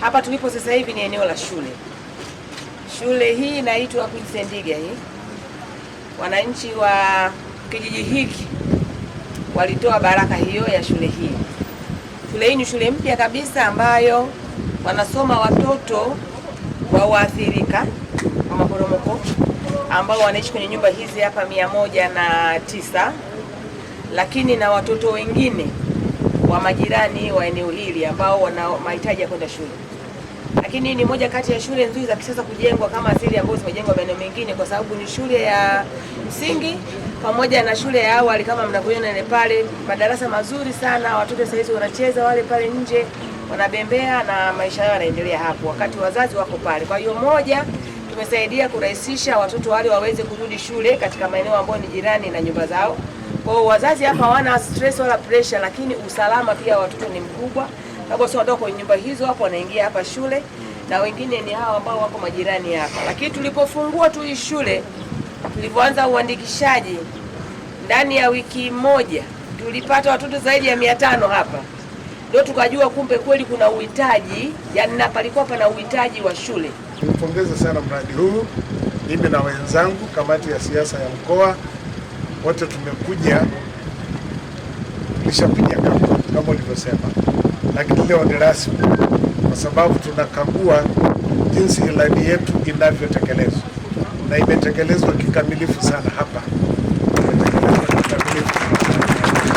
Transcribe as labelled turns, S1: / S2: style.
S1: Hapa tulipo sasa hivi ni eneo la shule. Shule hii inaitwa Kuisendiga hii. Wananchi wa kijiji hiki walitoa baraka hiyo ya shule hii. Shule hii ni shule mpya kabisa ambayo wanasoma watoto wa waathirika wa maporomoko ambao wanaishi kwenye nyumba hizi hapa mia moja na tisa, lakini na watoto wengine wa majirani wa eneo hili ambao wana mahitaji ya kwenda shule. Lakini ni moja kati ya shule nzuri za kisasa kujengwa kama zile ambazo zimejengwa maeneo mengine, kwa sababu ni shule ya msingi pamoja na shule ya awali kama mnavyoona ile pale, madarasa mazuri sana. Watoto sasa hizi wanacheza wale pale nje, wanabembea na maisha yao yanaendelea hapo, wakati wazazi wako pale. Kwa hiyo moja tumesaidia kurahisisha watoto wale waweze kurudi shule katika maeneo ambayo ni jirani na nyumba zao. Kwa wazazi hapa hawana stress wala pressure, lakini usalama pia watoto ni mkubwa, sababu sio wadogo kwenye nyumba hizo, hapo wanaingia hapa shule na wengine ni hao ambao wako majirani hapa. Lakini tulipofungua tu hii shule, tulipoanza uandikishaji, ndani ya wiki moja tulipata watoto zaidi ya mia tano hapa. Ndio tukajua kumbe kweli kuna uhitaji, yani na palikuwa pana uhitaji wa shule.
S2: Nimpongeze sana mradi huu, mimi na wenzangu kamati ya siasa ya mkoa wote tumekuja, tulishapiga kama kama ulivyosema, lakini leo ni rasmi, kwa sababu tunakagua jinsi ilani yetu inavyotekelezwa na imetekelezwa kikamilifu sana hapa.